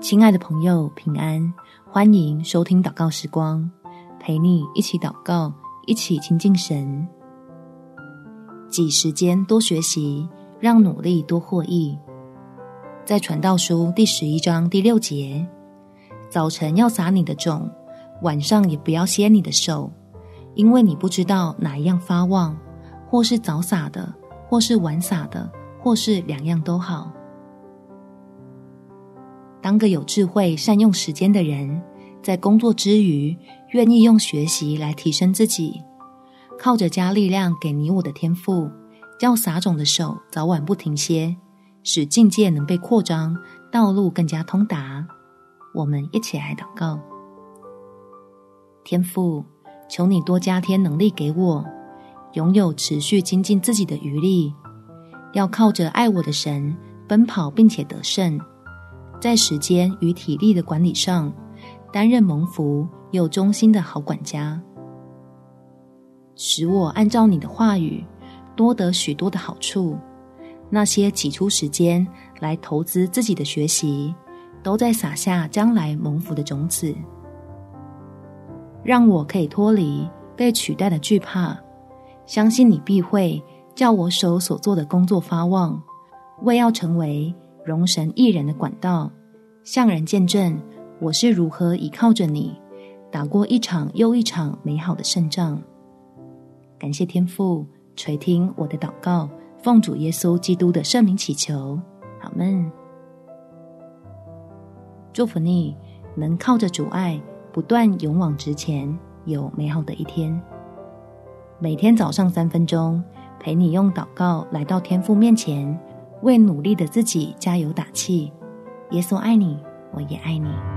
親愛的朋友，平安！歡迎收聽禱告時光，陪你一起禱告，一起親近神。擠時間多學習，讓努力多獲益。在傳道書第十一章第六節，早晨要撒你的種，晚上也不要歇你的手，因為你不知道哪一樣發旺，或是早撒的，或是晚撒的，或是兩樣都好。當個有智慧、善用時間的人，在工作之餘，願意用學習來提升自己。靠着加力量給你我的天父，叫撒種的手早晚不停歇，使境界能被擴張，道路更加通達。我們一起來禱告：天父，求你多加添能力給我，擁有持續精進自己的餘力。要靠着愛我的神奔跑，並且得勝。在時間與體力的管理上，擔任蒙福又忠心的好管家，使我按照你的話語多得許多的好處。那些擠出時間來投資自己的學習，都在撒下將來蒙福的種子，讓我可以脫離被取代的懼怕。相信你必會叫我手所做的工作發旺，為要成為。容神榮神益人的管道，向人見證我是如何倚靠着你，打過一場又一場美好的勝仗。感謝天父垂聽我的禱告，奉主耶穌基督的聖名祈求，阿們。祝福你，能靠着主愛不斷勇往直前，有美好的一天。每天早上三分鐘，陪你用禱告來到天父面前。為努力的自己加油打氣。耶穌愛你，我也愛你。